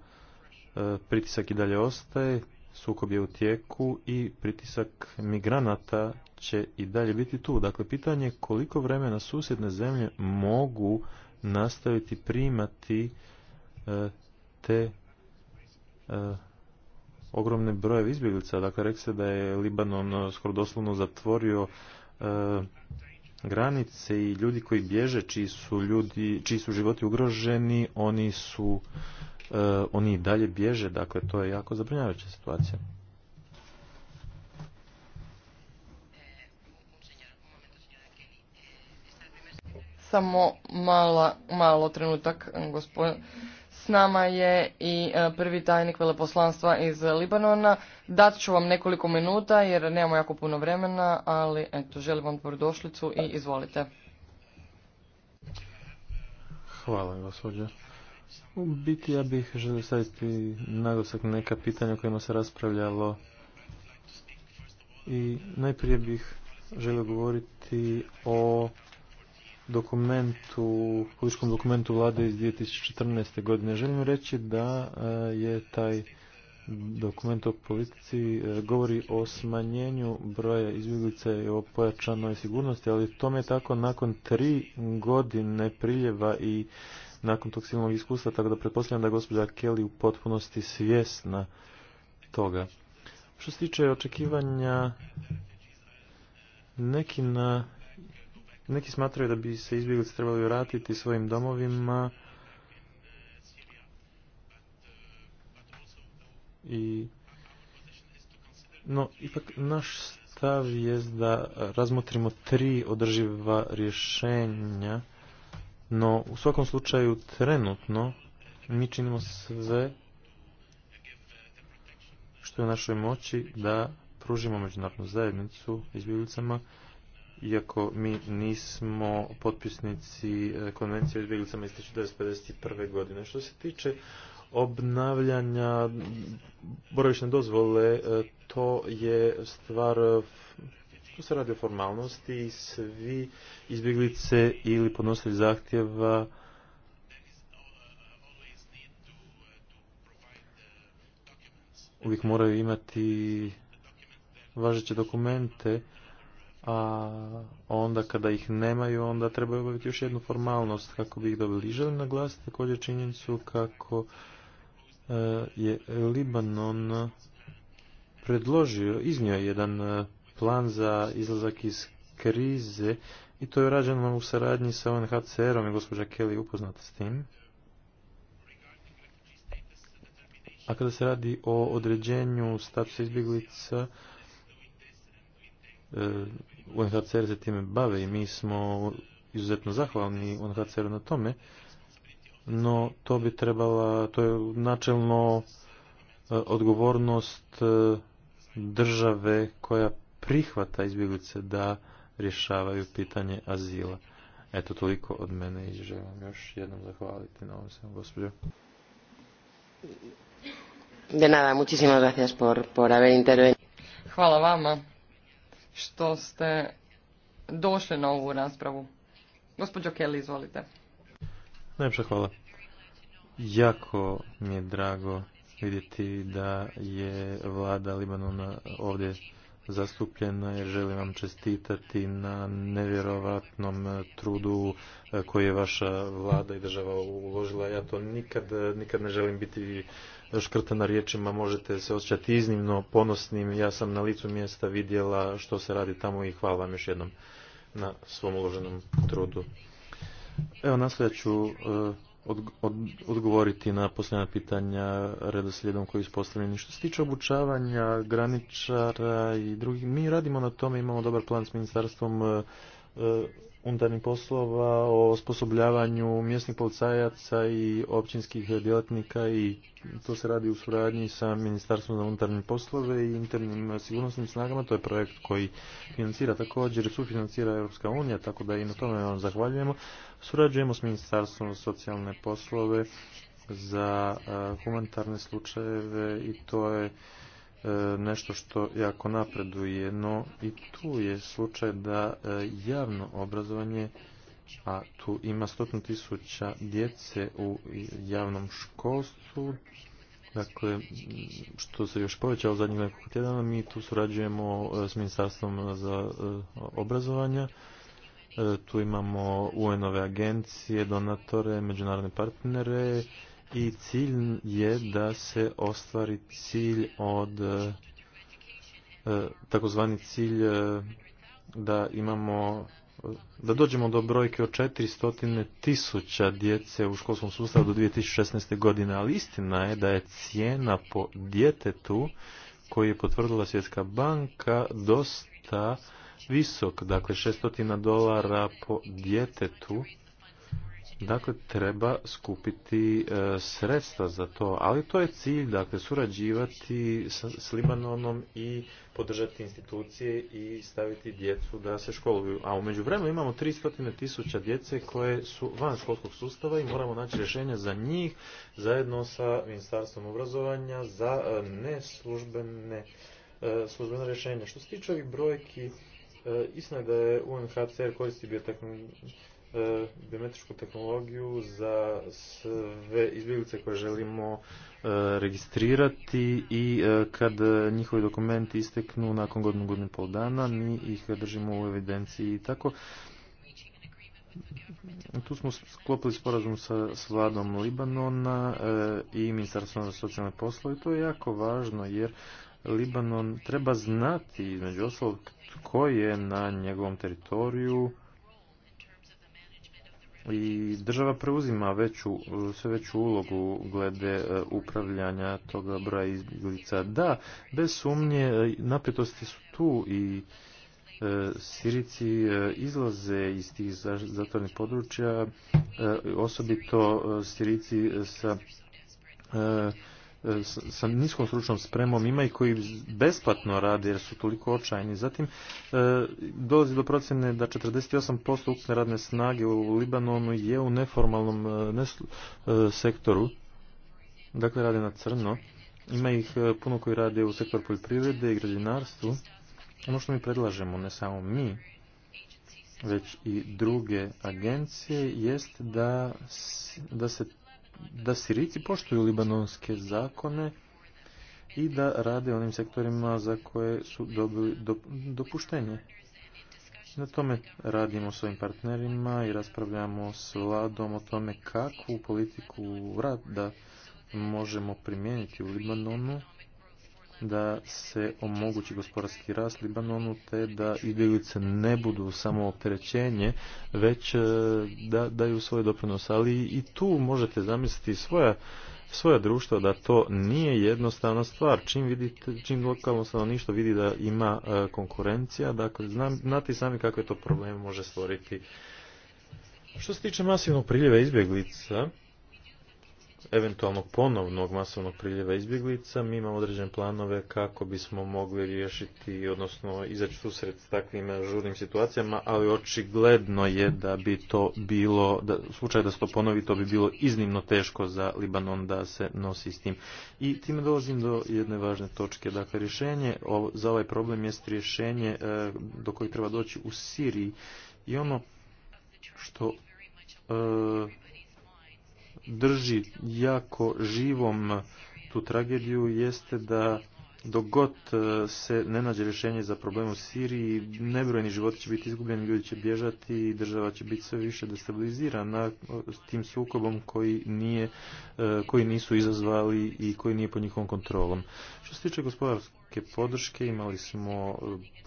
e, pritisak i dalje ostaje, sukob je u tijeku i pritisak migranata će i dalje biti tu. Dakle, pitanje je koliko vremena susjedne zemlje mogu nastaviti primati e, te e, ogromne brojeve izbjeglica. Dakle, rekli se da je Libanon eh, skoro doslovno zatvorio eh, granice i ljudi koji bježe, čiji su, su životi ugroženi, oni su eh, oni i dalje bježe. Dakle, to je jako zabrinjavajuća situacija. Samo malo trenutak, gospodin nama je i e, prvi tajnik veleposlanstva iz Libanona. Dat ću vam nekoliko minuta jer nemamo jako puno vremena, ali eto, želim vam dobrodošlicu i izvolite. Hvala, U biti ja bih želio staviti naglasak na neka pitanja o kojima se raspravljalo i najprije bih želio govoriti o dokumentu, političkom dokumentu vlade iz 2014. godine. Želim reći da e, je taj dokument o politici e, govori o smanjenju broja izbjeglica i o pojačanoj sigurnosti, ali tome je tako nakon tri godine priljeva i nakon tog silnog iskustva, tako da pretpostavljam da je gospođa Kelly u potpunosti svjesna toga. Što se tiče očekivanja neki na neki smatraju da bi se izbjeglice trebali vratiti svojim domovima i no, ipak naš stav je da razmotrimo tri održiva rješenja, no u svakom slučaju trenutno mi činimo sve što je u našoj moći da pružimo međunarodnu zajednicu izbjeglicama iako mi nismo potpisnici e, konvencije o izbjeglicama iz 1951. godine. Što se tiče obnavljanja boravišne dozvole, e, to je stvar to se radi o formalnosti i svi izbjeglice ili podnositelji zahtjeva uvijek moraju imati važeće dokumente a onda kada ih nemaju, onda trebaju obaviti još jednu formalnost kako bi ih dobili. I želim naglasiti također činjenicu kako e, je Libanon predložio, iznio jedan e, plan za izlazak iz krize i to je rađeno u saradnji sa UNHCR-om i gospođa Kelly upoznata s tim. A kada se radi o određenju statusa izbjeglica, e, UNHCR se time bave i mi smo izuzetno zahvalni unhcr na tome, no to bi trebala, to je načelno e, odgovornost e, države koja prihvata izbjeglice da rješavaju pitanje azila. Eto, toliko od mene i želim još jednom zahvaliti na ovom svemu, gospođo. nada, muchísimas gracias por, por haber intervenido. Hvala vama što ste došli na ovu raspravu. Gospođo Kelly, izvolite. Najpša hvala. Jako mi je drago vidjeti da je vlada Libanona ovdje zastupljena je. Želim vam čestitati na nevjerovatnom e, trudu e, koji je vaša vlada i država uložila. Ja to nikad, e, nikad ne želim biti škrta na riječima, možete se osjećati iznimno ponosnim. Ja sam na licu mjesta vidjela što se radi tamo i hvala vam još jednom na svom uloženom trudu. Evo nasljed ću odgovoriti na posljedna pitanja redoslijedom koji su postavljeni. Što se tiče obučavanja graničara i drugih, mi radimo na tome, imamo dobar plan s ministarstvom E, unutarnjih poslova, o osposobljavanju mjesnih policajaca i općinskih djelatnika i to se radi u suradnji sa Ministarstvom za unutarnje poslove i internim sigurnosnim snagama. To je projekt koji financira također, sufinancira Europska unija, tako da i na tome vam zahvaljujemo. Surađujemo s Ministarstvom za socijalne poslove za e, humanitarne slučajeve i to je E, nešto što jako napreduje, no i tu je slučaj da e, javno obrazovanje, a tu ima stotno tisuća djece u javnom školstvu, Dakle, što se još povećalo zadnjih nekoliko tjedana, mi tu surađujemo e, s Ministarstvom za obrazovanja. Tu imamo UN-ove agencije, donatore, međunarodne partnere, i cilj je da se ostvari cilj od e, e, takozvani cilj e, da imamo da dođemo do brojke od 400 tisuća djece u školskom sustavu do 2016. godine, ali istina je da je cijena po djetetu koji je potvrdila Svjetska banka dosta visok, dakle 600 dolara po djetetu Dakle, treba skupiti e, sredstva za to, ali to je cilj, dakle, surađivati sa, s Libanonom i podržati institucije i staviti djecu da se školuju. A u međuvremenu imamo 300 tisuća djece koje su van školskog sustava i moramo naći rješenja za njih zajedno sa Ministarstvom obrazovanja za e, neslužbene e, službene rješenja. Što se tiče ovih brojki, istina je da je UNHCR koristi bioteknologiju E, biometričku tehnologiju za sve izbjeglice koje želimo e, registrirati i e, kad njihovi dokumenti isteknu nakon godinu godinu i pol dana mi ih držimo u evidenciji i tako tu smo sklopili sporazum sa, vladom Libanona i ministarstvom za socijalne poslove to je jako važno jer Libanon treba znati između ostalog tko je na njegovom teritoriju i država preuzima veću, sve veću ulogu glede e, upravljanja toga broja izbjeglica. Da, bez sumnje e, napetosti su tu i e, Sirici izlaze iz tih zatvornih područja, osobito Sirici sa E, sa niskom stručnom spremom ima i koji besplatno rade jer su toliko očajni. Zatim e, dolazi do procjene da 48% ukupne radne snage u Libanonu je u neformalnom e, sektoru, dakle rade na crno. Ima ih puno koji rade u sektoru poljoprivrede i građevinarstvu. Ono što mi predlažemo, ne samo mi, već i druge agencije, jest da, da se da Sirici poštuju libanonske zakone i da rade onim sektorima za koje su dobili dopuštenje. Na tome radimo svojim partnerima i raspravljamo s vladom o tome kakvu politiku rada možemo primijeniti u Libanonu da se omogući gospodarski rast Libanonu te da izbjeglice ne budu samo opterećenje već e, da daju svoj doprinos ali i tu možete zamisliti svoja svoja društva da to nije jednostavna stvar. Čim, vidite, čim lokalno stanovništvo vidi da ima e, konkurencija, dakle, znam, znate sami kakve to probleme može stvoriti. Što se tiče masivnog priljeva izbjeglica, eventualnog ponovnog masovnog priljeva izbjeglica, mi imamo određene planove kako bismo mogli riješiti, odnosno izaći susret s takvim žurnim situacijama, ali očigledno je da bi to bilo, da, slučaj da se to ponovi, to bi bilo iznimno teško za Libanon da se nosi s tim. I time dolazim do jedne važne točke. Dakle, rješenje za ovaj problem jest rješenje e, do kojeg treba doći u Siriji. I ono što e, drži jako živom tu tragediju jeste da dok god e, se ne nađe rješenje za problem u Siriji, nebrojni životi će biti izgubljeni, ljudi će bježati i država će biti sve više destabilizirana s tim sukobom koji, nije, e, koji nisu izazvali i koji nije pod njihovom kontrolom. Što se tiče gospodarske podrške, imali smo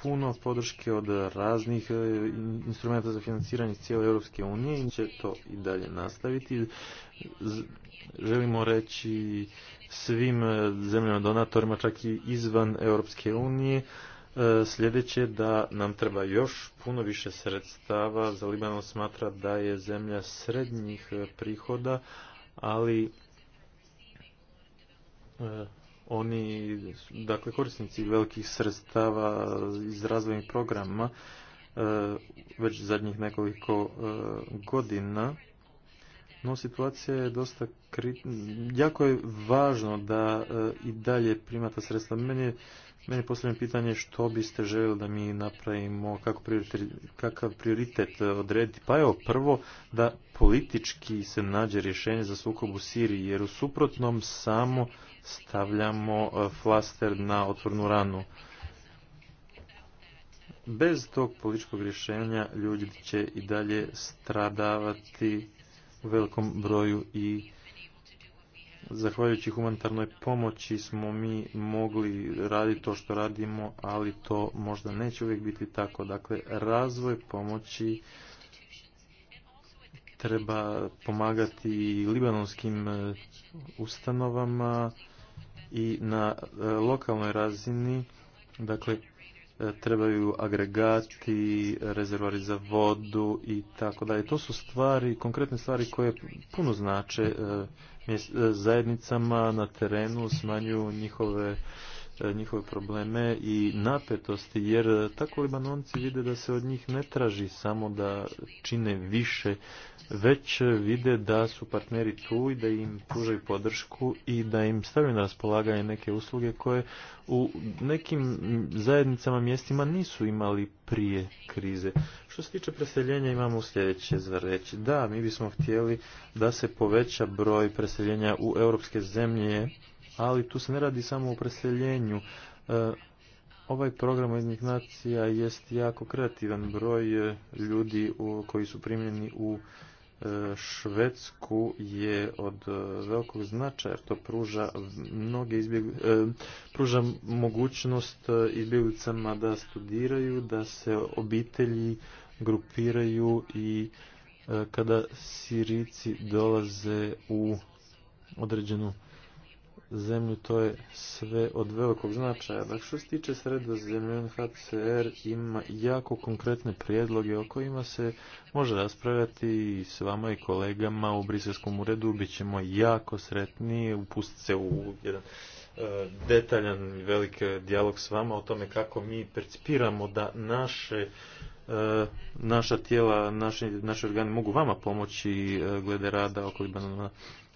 puno podrške od raznih e, instrumenta za financiranje cijele Europske unije i će to i dalje nastaviti. Želimo reći svim e, zemljama donatorima, čak i izvan Europske unije. E, sljedeće da nam treba još puno više sredstava. Za Libanon smatra da je zemlja srednjih e, prihoda, ali oni, dakle korisnici velikih sredstava iz razvojnih programa već zadnjih nekoliko godina no situacija je dosta kri... jako je važno da e, i dalje primata sredstva. Meni meni postavljam pitanje što biste željeli da mi napravimo, kako prioritet, kakav prioritet odrediti. Pa evo, prvo da politički se nađe rješenje za sukob u Siriji, jer u suprotnom samo stavljamo e, flaster na otvornu ranu. Bez tog političkog rješenja ljudi će i dalje stradavati velikom broju i zahvaljujući humanitarnoj pomoći smo mi mogli raditi to što radimo, ali to možda neće uvijek biti tako. Dakle, razvoj pomoći treba pomagati libanonskim e, ustanovama i na e, lokalnoj razini. Dakle, E, trebaju agregati, rezervari za vodu i tako dalje. To su stvari, konkretne stvari koje puno znače e, e, zajednicama na terenu, smanjuju njihove E, njihove probleme i napetosti, jer tako Libanonci vide da se od njih ne traži samo da čine više, već vide da su partneri tu i da im pružaju podršku i da im stavljaju na raspolaganje neke usluge koje u nekim zajednicama mjestima nisu imali prije krize. Što se tiče preseljenja imamo sljedeće za reći. Da, mi bismo htjeli da se poveća broj preseljenja u europske zemlje ali tu se ne radi samo o preseljenju. E, ovaj program jednih nacija jest jako kreativan broj e, ljudi koji su primljeni u e, Švedsku je od velikog značaja, to pruža mnoge izbjeg... pruža mogućnost izbjeglicama da studiraju, da se obitelji grupiraju i kada Sirici dolaze u određenu zemlju, to je sve od velikog značaja. Dakle, što se tiče zemlje UNHCR ima jako konkretne prijedloge o kojima se može raspravljati i s vama i kolegama u Briselskom uredu. Bićemo jako sretni upustiti se u jedan e, detaljan i velik dijalog s vama o tome kako mi percipiramo da naše e, naša tijela, naši, naši organi mogu vama pomoći e, glede rada oko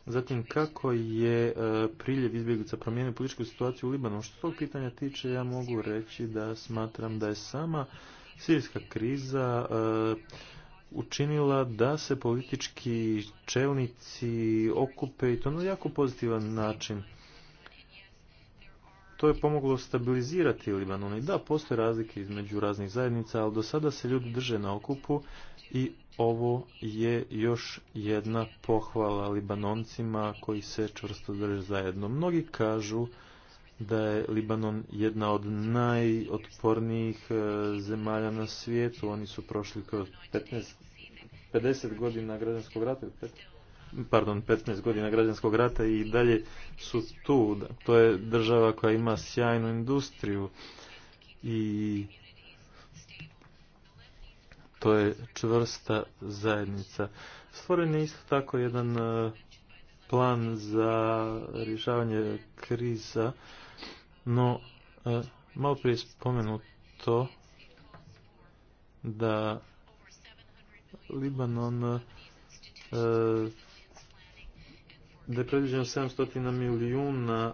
Zatim, kako je e, priljev izbjeglica promijenio političku situaciju u Libanu? Što tog pitanja tiče, ja mogu reći da smatram da je sama sirijska kriza e, učinila da se politički čelnici okupe i to na jako pozitivan način. To je pomoglo stabilizirati Libanon. I da, postoje razlike između raznih zajednica, ali do sada se ljudi drže na okupu i ovo je još jedna pohvala Libanoncima koji se čvrsto drže zajedno. Mnogi kažu da je Libanon jedna od najotpornijih e, zemalja na svijetu. Oni su prošli kroz 15, 50 godina građanskog rata, pardon, 15 godina građanskog rata i dalje su tu. To je država koja ima sjajnu industriju i to je čvrsta zajednica. Stvoren je isto tako jedan e, plan za rješavanje kriza, no e, malo prije spomenuto da Libanon e, da je predviđeno 700 milijuna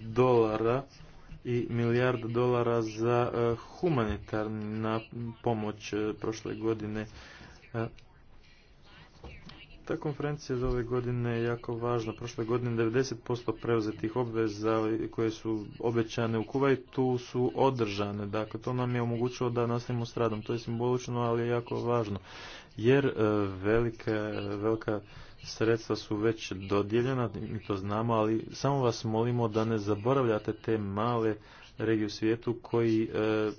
dolara i milijard dolara za e, humanitarnu pomoć e, prošle godine. E, ta konferencija za ove godine je jako važna. Prošle godine 90% preuzetih obveza koje su obećane u Kuvajtu su održane. Dakle, to nam je omogućilo da nastavimo s radom. To je simbolično, ali je jako važno. Jer velika, velika sredstva su već dodijeljena, mi to znamo, ali samo vas molimo da ne zaboravljate te male regije u svijetu koji e,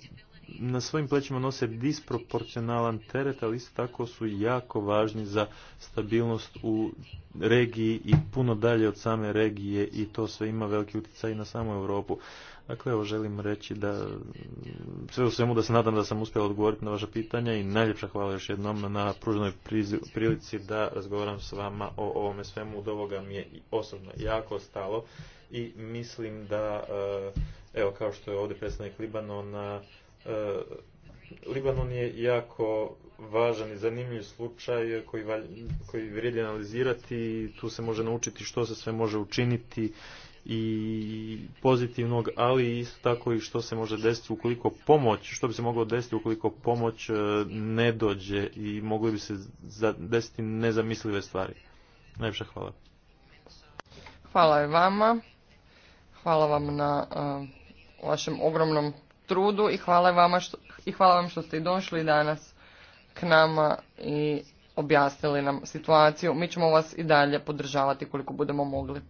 na svojim plećima nose disproporcionalan teret, ali isto tako su jako važni za stabilnost u regiji i puno dalje od same regije i to sve ima veliki utjecaj i na samu Europu. Dakle, evo želim reći da mm, sve u svemu da se nadam da sam uspio odgovoriti na vaše pitanja i najljepša hvala još jednom na pruženoj prilici da razgovaram s vama o ovome svemu. Od ovoga mi je osobno jako stalo i mislim da, eh, evo kao što je ovdje predstavnik Libanona, eh, Libanon je jako važan i zanimljiv slučaj koji, koji vrijedi analizirati i tu se može naučiti što se sve može učiniti i pozitivnog, ali isto tako i što se može desiti ukoliko pomoć, što bi se moglo desiti ukoliko pomoć e, ne dođe i mogli bi se desiti nezamislive stvari. Najljepša hvala. Hvala i vama. Hvala vam na e, vašem ogromnom trudu i hvala, vama što, i hvala vam što ste i došli danas k nama i objasnili nam situaciju. Mi ćemo vas i dalje podržavati koliko budemo mogli.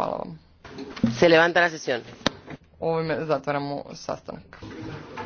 Hvala vam. Se levanta la sesión. Ovime zatvaramo sastanak.